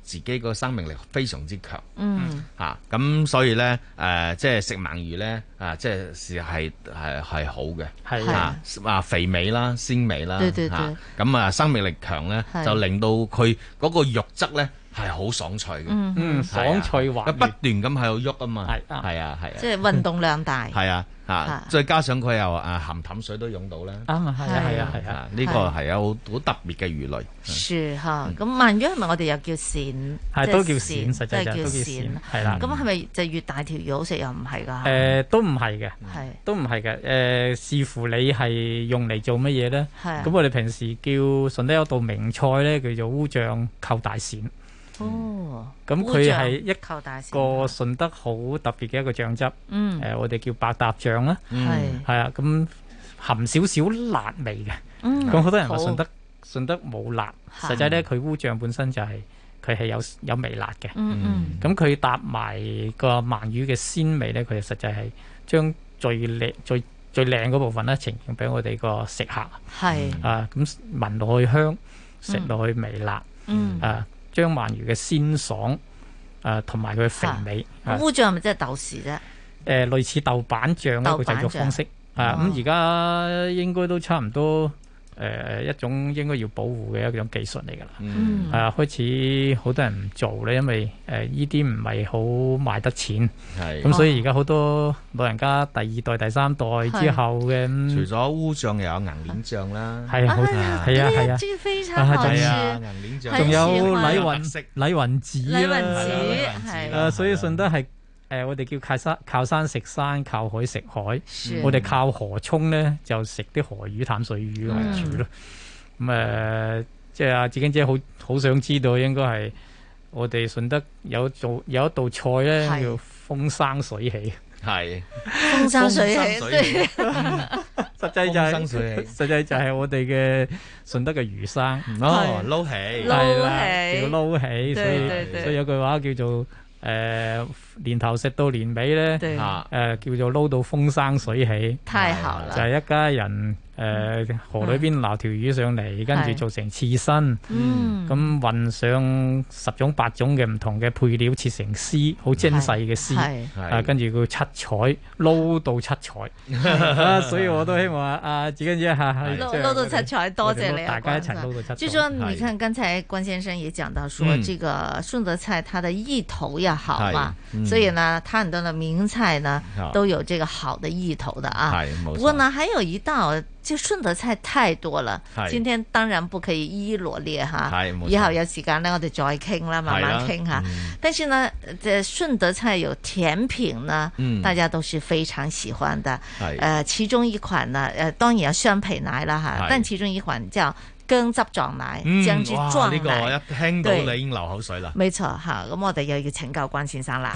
Speaker 6: 自己個生命力非常之強，嗯嚇，咁所以咧，誒即係食鰻魚咧，誒即係事實係係係好嘅，係啊，啊肥美啦、鮮美啦嚇，咁啊生命力強咧，就令到佢嗰個肉質咧係好爽脆嘅，嗯爽脆滑，佢不斷咁喺度喐啊嘛，係啊係啊，即係
Speaker 3: 運動量大，係啊。
Speaker 6: 啊，再加上佢又啊，鹹淡水都用到呢。啊，係啊，係啊，係啊，呢個係有好特別嘅魚類。
Speaker 3: 樹吓咁鰻魚係咪？我哋又叫鱔，係都叫鱔，實際就都叫鱔。係啦，咁係咪就越大條魚好食？又唔係噶？
Speaker 9: 誒，都唔係嘅，係都唔係嘅。誒，視乎你係用嚟做乜嘢咧？咁我哋平時叫順德有道名菜咧，叫做烏醬扣大鱔。哦，咁佢係一個順德好特別嘅一個醬汁，誒，我哋叫白搭醬啦，係，係啊，咁含少少辣味嘅。咁好多人話順德順德冇辣，實際咧佢烏醬本身就係佢係有有微辣嘅。咁佢搭埋個鰻魚嘅鮮味咧，佢實際係將最靚最最靚嗰部分咧呈現俾我哋個食客。係啊，咁聞落去香，食落去微辣。嗯。啊。張鰻魚嘅鮮爽，誒，同埋佢嘅肥美，烏
Speaker 3: 醬係咪即係豆豉啫？
Speaker 9: 誒、呃，類似豆瓣醬一個製作方式，哦、啊，咁而家應該都差唔多。誒一種應該要保護嘅一種技術嚟㗎啦，誒開始好多人唔做咧。因為誒呢啲唔係好賣得錢，
Speaker 10: 係咁所以而
Speaker 9: 家好多老人家第二代、第三
Speaker 6: 代之後嘅，除咗烏醬又有銀鏈醬啦，係啊，係啊，係啊，係啊，銀鏈醬，仲有禮雲禮雲子，禮雲
Speaker 9: 子係，所以順德係。誒，我哋叫靠山靠山食山，靠海食海。我哋靠河涌咧，就食啲河魚淡水魚為主咯。咁誒，即係阿志根姐好好想知道，應該係我哋順德有做有一道菜咧，叫風生水起。係風生水起，
Speaker 3: 實際就係
Speaker 9: 實際就係我哋嘅順德嘅魚生。哦，撈起撈起，撈起，所以所以有句話叫做。誒、呃、年頭食到年尾咧對、呃，叫做撈到風生水起，太好了，就係一家人。誒，河裏邊撈條魚上嚟，跟住做成刺身，咁混上十種八種嘅唔同嘅配料，切成絲，好精細嘅絲，啊，跟住叫七彩撈到七彩，所以我都希望啊，啊，紫荊姐嚇，撈到七彩，多謝你啊，大家一齊撈到七彩。
Speaker 3: 就是說，你看剛才關先生也講到，說這個順德菜它的意頭也好嘛，所以呢，他很多的名菜呢都有這個好的意頭的啊。係，
Speaker 12: 不過
Speaker 3: 呢，還有一道。就順德菜太多了，是今天當然不可以一一羅列哈，以後有時間呢，我哋再傾啦，慢慢傾哈。是啊嗯、但是呢，這順德菜有甜品呢，嗯、大家都是非常喜歡的。是呃、其中一款呢，誒、呃、當然有雙皮奶啦哈，是但其中一款叫姜汁撞奶，姜、嗯、汁撞奶。呢、呢個我一聽到你已經流口水啦。沒錯哈，咁我哋又要請教關先生啦。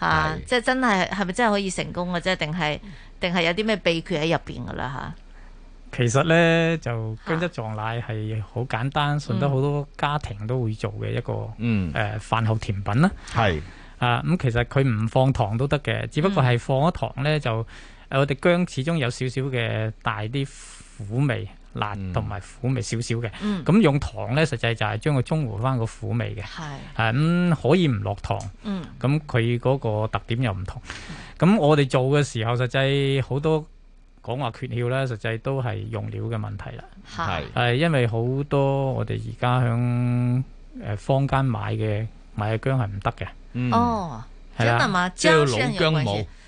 Speaker 3: 啊、是即係真係，係咪真係可以成功嘅，啊、啫？定係定係有啲咩秘訣喺入邊噶啦？吓，
Speaker 9: 其實呢，就薑汁撞奶係好簡單，順德好多家庭都會做嘅一個，嗯，誒飯、呃、後甜品啦。係啊，咁是、啊、其實佢唔放糖都得嘅，只不過係放咗糖呢，就，誒我哋薑始終有少少嘅大啲苦味。辣同埋苦味少少嘅，咁、嗯、用糖咧，實際就係將佢中和翻個苦味嘅，係咁是、嗯、可以唔落糖，咁佢嗰個特點又唔同。咁、嗯、我哋做嘅時候，實際好多講話缺料啦，實際都係用料嘅問題啦，係是，係因為好多我哋而家響誒坊間買嘅買嘅薑係唔得嘅，哦，係啦嘛，薑老薑老。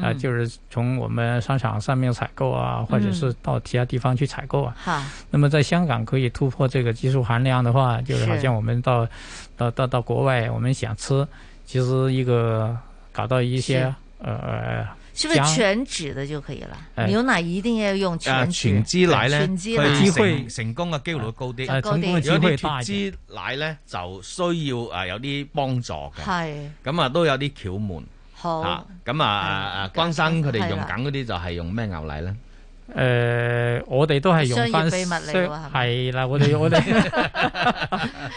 Speaker 9: 啊，就是從我們商場上面採購啊，或者是到其他地方去採購啊。好、嗯。那麼在香港可以突破這個技術含量的話，就是好像我們到是到到到，到國外，我們想吃，其實一個搞到一些是呃，姜是不是全
Speaker 3: 脂的就可以了？哎、牛奶一定要用全脂。啊，全
Speaker 6: 脂奶呢，成功嘅機會高啲。高啲，有啲脱脂奶呢，就需要啊有啲幫助嘅。係是。咁啊，都有啲竅門。好啊，咁啊！啊關生佢哋用梗嗰啲就係用咩牛奶咧？誒、呃，我哋都係用翻秘密嚟喎，係啦，我哋我哋，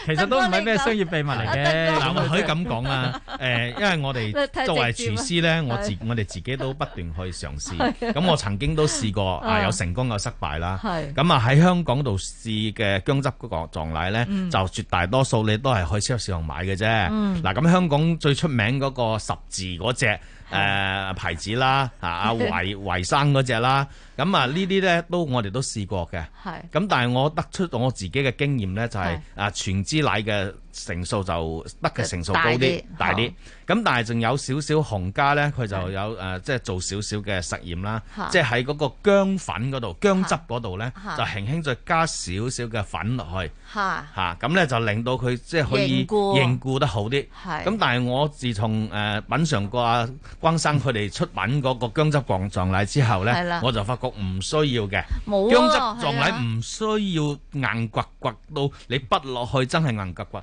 Speaker 6: 其實都唔係咩商業秘密嚟嘅。嗱，我可以咁講啦，誒，因為我哋作為廚師咧， 我自 我哋自己都不斷去嘗試。咁、 啊、我曾經都試過啊，有成功有失敗啦。係咁 啊，喺香港度試嘅薑汁嗰個撞奶咧，啊、就絕大多數你都係去超市度買嘅啫。嗱、嗯，咁、嗯、香港最出名嗰個十字嗰隻。誒、呃、牌子啦，啊，維，維生嗰隻啦，咁啊呢啲咧都我哋都試過嘅，咁的但係我得出我自己嘅經驗咧，就係啊全脂奶嘅。成數就得嘅成數高啲，大啲。咁但係仲有少少行家咧，佢就有誒，即係做少少嘅實驗啦。即係喺嗰個薑粉嗰度、薑汁嗰度咧，就輕輕再加少少嘅粉落去。嚇嚇咁咧，就令到佢即係可以凝固得好啲。係咁，但係我自從誒品嚐過阿關生佢哋出品嗰個薑汁撞撞奶之後咧，我就發覺唔需要嘅。冇薑汁撞奶唔需要硬刮刮到你不落去，真係硬刮刮。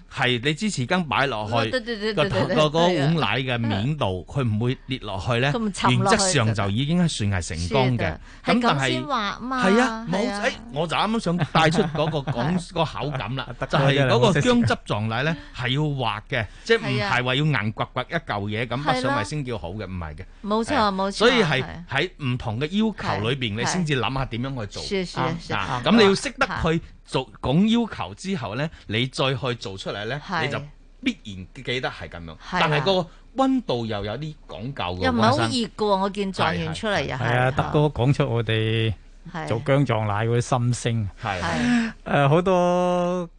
Speaker 6: 係你支匙羹擺落去個碗奶嘅面度，佢唔會跌落去咧。原則上就已經係算係成功嘅。咁但係，
Speaker 10: 係啊，冇誒，
Speaker 6: 我就啱啱想帶出嗰個講個口感啦，就係嗰個薑汁撞奶咧，係要滑嘅，即係唔係話要硬掘掘一嚿嘢咁，乜想咪先叫好嘅？唔係嘅，
Speaker 3: 冇錯冇錯。所以係
Speaker 6: 喺唔同嘅要求裏邊，你先至諗下點樣去做。咁你要識得去做講要求之後咧，你再去做出嚟。係咧，你就必然記得係咁樣。是啊，但係個溫度又有啲講究嘅，又唔係好熱嘅喎。我見狀元出嚟又係
Speaker 3: 啊，德哥
Speaker 9: 講出我哋做薑撞奶嗰啲心聲，係誒好多。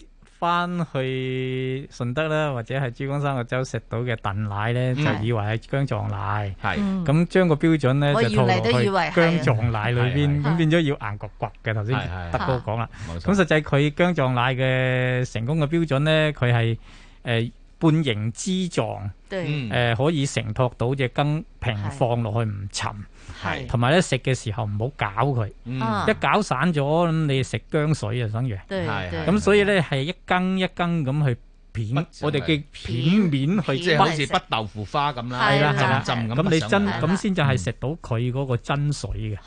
Speaker 9: 翻去順德啦，或者係珠江三角洲食到嘅燉奶咧，就以為係薑撞奶，係咁、嗯、將個標準咧、嗯、就套落去薑撞奶裏邊，咁變咗要硬掘掘嘅。頭先的德哥講啦，咁實際佢薑撞奶嘅成功嘅標準咧，佢係誒半形脂狀，誒對、嗯呃、可以承托到隻羹平放落去唔沉。係，同埋咧，食嘅時候唔好攪佢，嗯、一攪散咗咁你食姜水就，等於，咁、嗯、所以咧係一羹一羹咁去。片我哋嘅片面去，即係好似不豆腐花咁啦，係啦，浸咁。咁你真咁先至係食到佢嗰個真水嘅。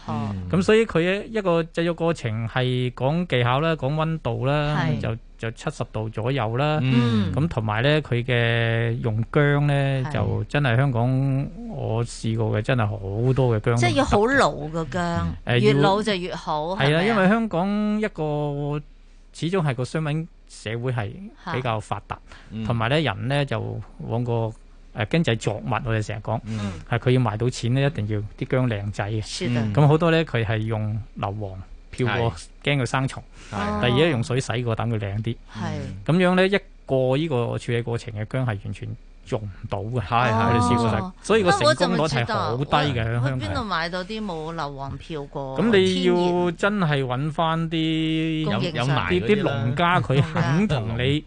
Speaker 9: 咁所以佢一一個製作過程係講技巧啦，講溫度啦，就就七十度左右啦。咁同埋咧，佢嘅用薑咧，就真係香港我試過嘅，真係好多嘅薑。即係
Speaker 13: 要好
Speaker 3: 老嘅薑，越老就越好。係啦，因為
Speaker 9: 香港一個始終係個商品。社會係比較發達，同埋咧，人咧就往個誒經濟作物，我哋成日講，係佢、嗯、要賣到錢咧，一定要啲薑靚仔嘅。咁好、嗯、多咧，佢係用硫磺漂過，驚佢是生蟲；是第二咧用水洗過，等佢靚啲。咁、哦、樣咧是一個呢個處理過程嘅薑係完全，用唔到嘅，係係你試過係，所以個成功率個係好低嘅，喺香港。邊
Speaker 3: 度買到啲冇硫磺票過？咁你要
Speaker 9: 真係揾翻啲有有啲啲農家，佢肯同你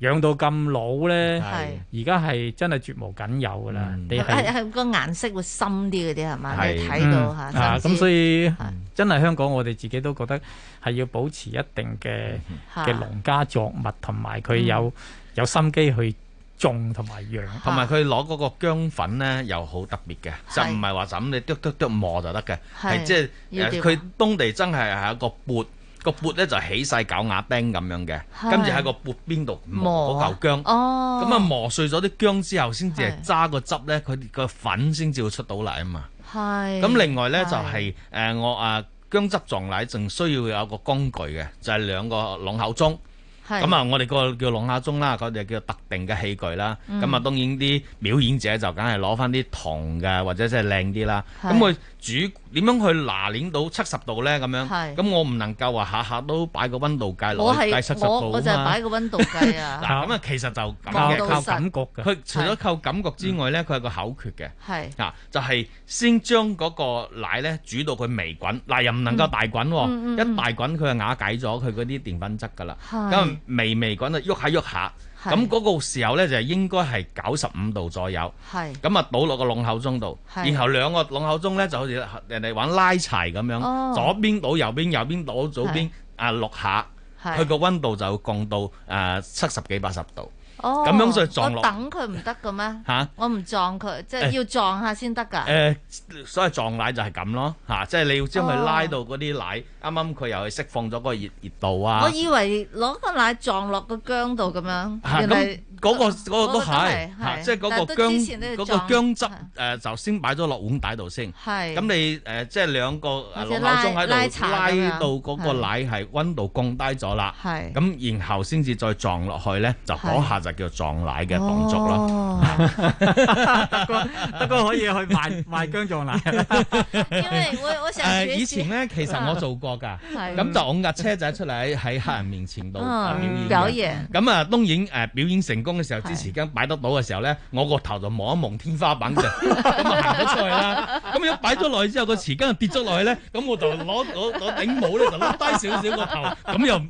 Speaker 9: 養到咁老咧？係而家係真係絕無僅有嘅啦。你係係
Speaker 3: 個顏色會深啲嗰啲係咪？你睇到吓。咁所
Speaker 9: 以真係香港，我哋自己都覺得係要保持一定嘅嘅農家作物，同埋佢有有心機去。同埋養，同埋
Speaker 6: 佢攞嗰個薑粉咧，又好特別嘅，就唔係話咁你剁剁剁磨就得嘅，係即係佢當地真係係一個缽，個缽咧就起晒狗牙釘咁樣嘅，跟住喺個缽邊度磨嗰嚿薑，咁啊磨碎咗啲薑之後，先至係揸個汁咧，佢哋個粉先至會出到嚟啊嘛。
Speaker 10: 係。咁另外
Speaker 6: 咧就係誒我啊薑汁撞奶仲需要有個工具嘅，就係兩個龍口中。咁啊，是我哋個叫龍蝦中」啦，佢、那、就、個、叫特定嘅器具啦。咁啊、嗯，當然啲表演者就梗係攞翻啲銅嘅，或者即係靚啲啦。咁是煮點樣去拿捏到七十度咧？咁樣，咁我唔能夠話下下都擺個温度計落去，七十度我就擺個
Speaker 3: 温度計啊。
Speaker 6: 咁啊，其實就靠感覺嘅。佢除咗靠感覺之外咧，佢係個口訣嘅。係就係先將嗰個奶咧煮到佢微滾，嗱又唔能夠大滾，一大滾佢就瓦解咗佢嗰啲澱粉質㗎啦。咁微微滾啊，喐下喐下。咁嗰個時候呢，就應該係九十五度左右。係咁啊，倒落個龍口中度，是然後兩個龍口中呢，就好似人哋玩拉柴咁樣，哦、左邊倒右邊，右邊倒左邊，是啊六下，佢個温度就會降到誒七十幾八十度。
Speaker 3: 哦，咁樣就撞落。我等佢唔得嘅咩？嚇！我唔撞佢，即係要撞下先得㗎。誒，
Speaker 6: 所以撞奶就係咁咯，嚇！即係你要將佢拉到嗰啲奶，啱啱佢又去釋放咗嗰個熱熱度啊！我以
Speaker 3: 為攞個奶撞落個薑度咁樣。咁嗰
Speaker 6: 個嗰個都係嚇，即係嗰個薑嗰個薑汁誒，就先擺咗落碗底度先。係。咁你誒即係兩個攞攤裝喺度拉到嗰個奶係溫度降低咗啦。係。咁然後先至再撞落去咧，就嗰下就。叫撞奶嘅動作啦，德哥，德哥可以去賣賣薑撞奶。 因
Speaker 3: 為我我想、呃，以前咧其實我做過噶，咁、啊嗯、
Speaker 6: 就我架車仔出嚟喺喺客人面前度表、嗯、表演。咁啊，當然誒表演成功嘅時候，支匙羹擺得到嘅時候咧，的我個頭就望一望天花板嘅，咁啊行咗出去啦。咁 一擺咗落去之後，個匙羹就跌咗落去咧，咁我就攞攞攞頂帽咧就低少少個頭，咁又。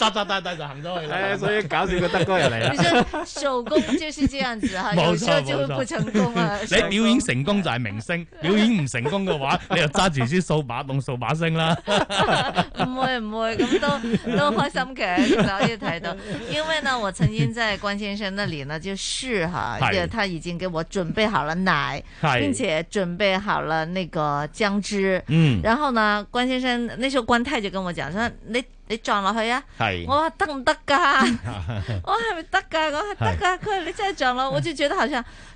Speaker 6: 扎扎帶帶就行咗去啦，所以搞笑嘅德哥又嚟啦。有些
Speaker 3: 手工就是這樣子，有時候就會不成功啊。你表
Speaker 6: 演成功就係明星，表演唔成功嘅話，你就揸住支掃把，動掃把星啦。
Speaker 3: 唔會唔會，咁都都開心嘅，可以睇到。因為呢，我曾經在關先生那裡呢就試哈，佢他已經給我準備好了奶，係並且準備好了那個姜汁，嗯，然後呢，關先生，那時候關太就跟我講，說你。你撞落去啊！我話，是得唔得噶
Speaker 10: 我
Speaker 3: 係咪得噶？我話得噶。佢話你真係撞落， 我就覺得好似。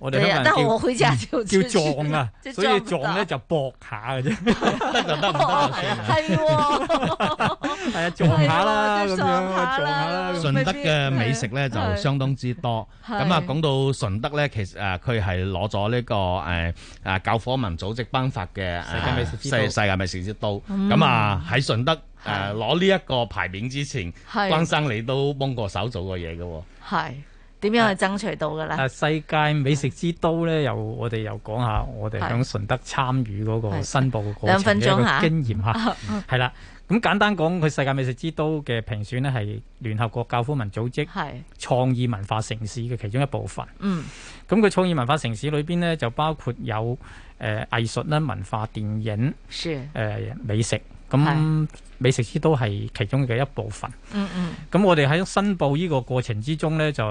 Speaker 3: 我哋啊，但係
Speaker 6: 我回家就叫撞啊，所以撞咧就搏下嘅啫，得就得唔得？係啊，係啊，撞下啦，咁樣，撞下啦。
Speaker 10: 順德嘅
Speaker 6: 美食咧就相當之多。咁啊，講到順德咧，其實誒，佢係攞咗呢個誒誒教科文組織頒發嘅世界美食之世界美食之都。咁啊，喺順德誒攞呢一個牌匾之前，關生你都幫過手做過嘢嘅。
Speaker 3: 係。點樣去爭取到噶啦？
Speaker 6: 世界美食之
Speaker 9: 都咧，又我哋又講下我哋響順德參與嗰個申報嘅過程嘅經驗吓，係啦。咁簡單講，佢世界美食之都嘅評選咧，係聯合國教科文組織創意文化城市嘅其中一部分。嗯，咁佢創意文化城市裏邊咧，就包括有誒藝術啦、文化、電影、誒是、呃、美食。咁美食之都係其中嘅一部分。嗯嗯。咁我哋喺申報呢個過程之中呢，就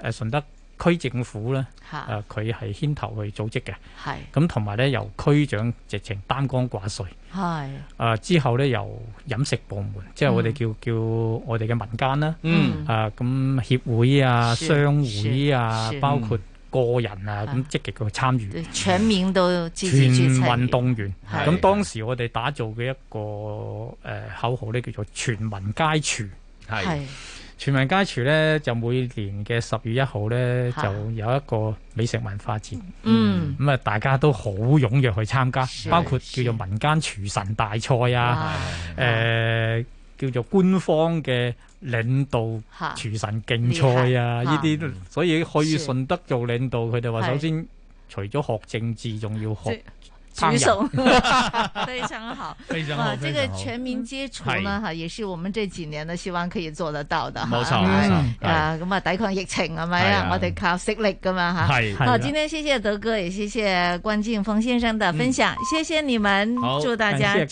Speaker 9: 誒順德區政府咧，誒佢係牽頭去組織嘅。係是。咁同埋呢，由區長直情擔綱掛帥。
Speaker 12: 係是。
Speaker 9: 誒、呃、之後呢，由飲食部門，嗯、即係我哋叫叫我哋嘅民間啦。嗯。誒咁、嗯呃、協會啊、商會啊，包括。個人啊，咁積極去參與，
Speaker 3: 全民都全運動員，
Speaker 9: 咁的當時我哋打造嘅一個誒、呃、口號呢，叫做全民街廚，係的的全民街廚呢，就每年嘅十月一號呢，的就有一個美食文化節。嗯，
Speaker 10: 咁
Speaker 9: 啊、嗯，大家都好踴躍去參加，的包括叫做民間廚神大賽啊，誒。叫做官方嘅領導廚神競賽啊！呢啲所以去順德做領導，佢哋話首先除咗學政治，仲要學煮餸，非常
Speaker 3: 好。非常好，哇！這個全民接觸呢嚇，也是我們這幾年嘅希望可以做得到嘅。冇錯，啊咁啊，抵抗疫情係咪啊？我哋靠食力噶嘛嚇。係係。今天謝謝德哥，亦謝謝關勁峰先生的分享，謝謝你們，祝大家。